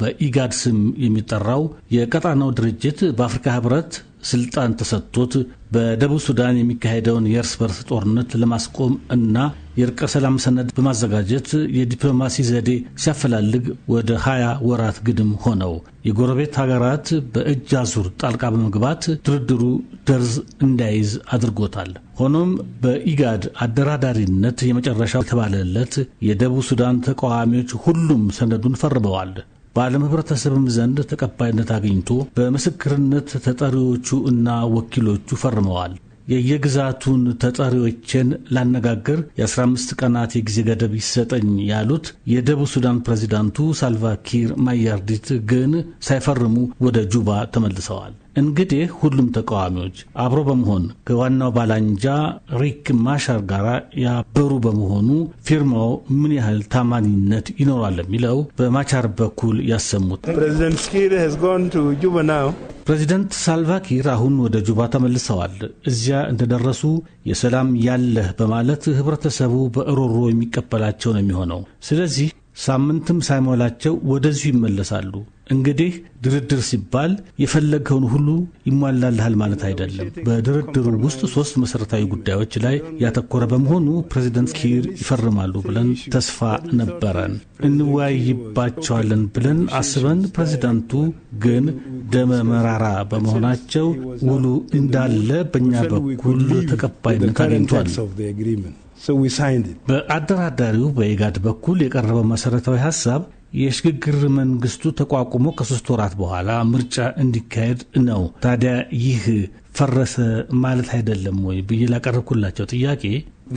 በኢጋድ ስም የሚጠራው የቀጣናው ድርጅት በአፍሪካ ህብረት ስልጣን ተሰጥቶት በደቡብ ሱዳን የሚካሄደውን የእርስ በርስ ጦርነት ለማስቆም እና የእርቀ ሰላም ሰነድ በማዘጋጀት የዲፕሎማሲ ዘዴ ሲያፈላልግ ወደ 20 ወራት ግድም ሆነው የጎረቤት ሀገራት በእጅ አዙር ጣልቃ በመግባት ድርድሩ ደርዝ እንዳይዝ አድርጎታል። ሆኖም በኢጋድ አደራዳሪነት የመጨረሻ የተባለለት የደቡብ ሱዳን ተቃዋሚዎች ሁሉም ሰነዱን ፈርበዋል። በዓለም ህብረተሰብም ዘንድ ተቀባይነት አግኝቶ በምስክርነት ተጠሪዎቹ እና ወኪሎቹ ፈርመዋል። የየግዛቱን ተጠሪዎችን ላነጋግር የ15 ቀናት የጊዜ ገደብ ይሰጠኝ ያሉት የደቡብ ሱዳን ፕሬዚዳንቱ ሳልቫኪር ማያርዲት ግን ሳይፈርሙ ወደ ጁባ ተመልሰዋል። እንግዲህ ሁሉም ተቃዋሚዎች አብሮ በመሆን ከዋናው ባላንጃ ሪክ ማሻር ጋር ያበሩ በመሆኑ ፊርማው ምን ያህል ታማኒነት ይኖራል የሚለው በማቻር በኩል ያሰሙት ፕሬዚደንት ሳልቫኪር አሁን ወደ ጁባ ተመልሰዋል። እዚያ እንደደረሱ የሰላም ያለህ በማለት ህብረተሰቡ በእሮሮ የሚቀበላቸው ነው የሚሆነው። ስለዚህ ሳምንትም ሳይሞላቸው ወደዚሁ ይመለሳሉ። እንግዲህ ድርድር ሲባል የፈለግኸውን ሁሉ ይሟላልሃል ማለት አይደለም። በድርድሩ ውስጥ ሶስት መሰረታዊ ጉዳዮች ላይ ያተኮረ በመሆኑ ፕሬዚደንት ኪር ይፈርማሉ ብለን ተስፋ ነበረን። እንወያይባቸዋለን ብለን አስበን፣ ፕሬዚዳንቱ ግን ደመ መራራ በመሆናቸው ውሉ እንዳለ በእኛ በኩል ተቀባይነት አግኝቷል። በአደራዳሪው በኢጋድ በኩል የቀረበው መሰረታዊ ሀሳብ የሽግግር መንግስቱ ተቋቁሞ ከሶስት ወራት በኋላ ምርጫ እንዲካሄድ ነው። ታዲያ ይህ ፈረሰ ማለት አይደለም ወይ ብዬ ላቀረብኩላቸው ጥያቄ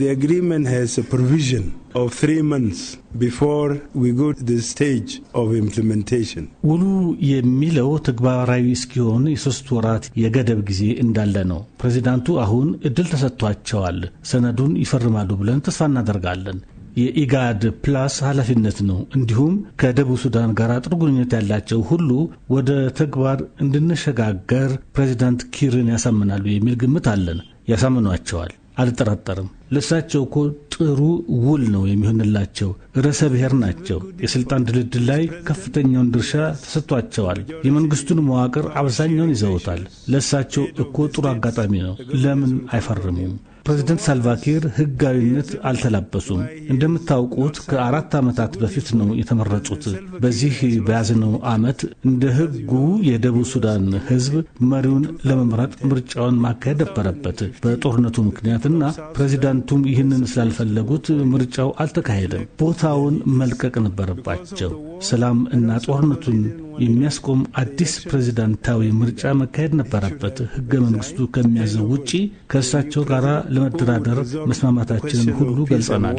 The agreement has a provision of three months before we go to the stage of implementation. ውሉ የሚለው ተግባራዊ እስኪሆን የሶስት ወራት የገደብ ጊዜ እንዳለ ነው። ፕሬዚዳንቱ አሁን እድል ተሰጥቷቸዋል። ሰነዱን ይፈርማሉ ብለን ተስፋ እናደርጋለን። የኢጋድ ፕላስ ኃላፊነት ነው። እንዲሁም ከደቡብ ሱዳን ጋር ጥሩ ግንኙነት ያላቸው ሁሉ ወደ ተግባር እንድንሸጋገር ፕሬዚዳንት ኪርን ያሳምናሉ የሚል ግምት አለን። ያሳምኗቸዋል፣ አልጠራጠርም። ለእሳቸው እኮ ጥሩ ውል ነው የሚሆንላቸው። ርዕሰ ብሔር ናቸው። የሥልጣን ድልድል ላይ ከፍተኛውን ድርሻ ተሰጥቷቸዋል። የመንግሥቱን መዋቅር አብዛኛውን ይዘውታል። ለሳቸው እኮ ጥሩ አጋጣሚ ነው። ለምን አይፈርሙም? ፕሬዝደንት ሳልቫኪር ህጋዊነት አልተላበሱም። እንደምታውቁት ከአራት ዓመታት በፊት ነው የተመረጡት። በዚህ በያዝነው ዓመት እንደ ህጉ የደቡብ ሱዳን ህዝብ መሪውን ለመምረጥ ምርጫውን ማካሄድ ነበረበት። በጦርነቱ ምክንያትና ፕሬዚዳንቱም ይህንን ስላልፈለጉት ምርጫው አልተካሄደም። ቦታውን መልቀቅ ነበረባቸው። ሰላም እና ጦርነቱን የሚያስቆም አዲስ ፕሬዚዳንታዊ ምርጫ መካሄድ ነበረበት። ህገ መንግስቱ ከሚያዘው ውጪ ከእሳቸው ጋር ለመደራደር መስማማታችንን ሁሉ ገልጸናል።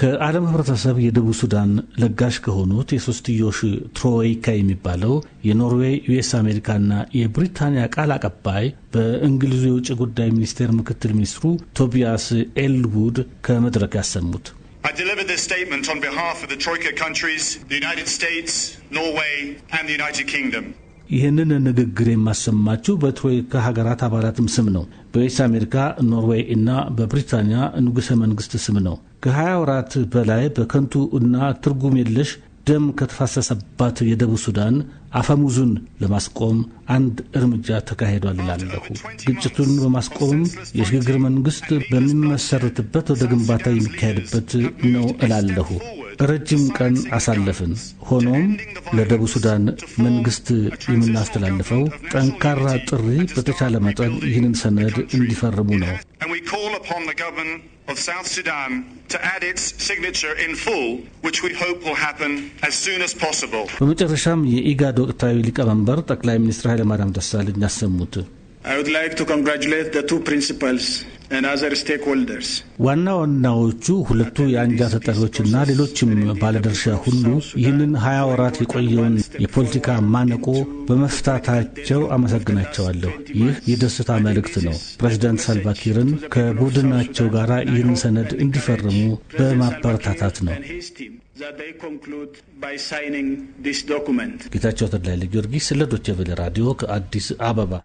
ከዓለም ህብረተሰብ የደቡብ ሱዳን ለጋሽ ከሆኑት የሶስትዮሽ ትሮይካ የሚባለው የኖርዌይ ዩኤስ አሜሪካና የብሪታንያ ቃል አቀባይ በእንግሊዙ የውጭ ጉዳይ ሚኒስቴር ምክትል ሚኒስትሩ ቶቢያስ ኤልውድ ከመድረክ ያሰሙት I delivered this statement on behalf of the Troika countries, the United States, Norway, and the United Kingdom. ይህንን ንግግር የማሰማችው በትሮይካ ሀገራት አባላትም ስም ነው። በዌስት አሜሪካ፣ ኖርዌይ እና በብሪታንያ ንጉሠ መንግሥት ስም ነው። ከ20 ወራት በላይ በከንቱ እና ትርጉም የለሽ ደም ከተፋሰሰባት የደቡብ ሱዳን አፈሙዙን ለማስቆም አንድ እርምጃ ተካሂዷል እላለሁ። ግጭቱን በማስቆምም የሽግግር መንግሥት በሚመሰርትበት ወደ ግንባታ የሚካሄድበት ነው እላለሁ። ረጅም ቀን አሳለፍን። ሆኖም ለደቡብ ሱዳን መንግስት የምናስተላልፈው ጠንካራ ጥሪ በተቻለ መጠን ይህንን ሰነድ እንዲፈርሙ ነው። በመጨረሻም የኢጋድ ወቅታዊ ሊቀመንበር ጠቅላይ ሚኒስትር ኃይለማርያም ደሳለኝ ያሰሙት ዋና ዋናዎቹ ሁለቱ የአንጃ ተጠሪዎችና ሌሎችም ባለድርሻ ሁሉ ይህንን ሀያ ወራት የቆየውን የፖለቲካ ማነቆ በመፍታታቸው አመሰግናቸዋለሁ። ይህ የደስታ መልእክት ነው። ፕሬዚዳንት ሳልቫኪርን ከቡድናቸው ጋር ይህን ሰነድ እንዲፈርሙ በማበረታታት ነው። ጌታቸው ተድላይ ጊዮርጊስ ለዶቼ ቬለ ራዲዮ ከአዲስ አበባ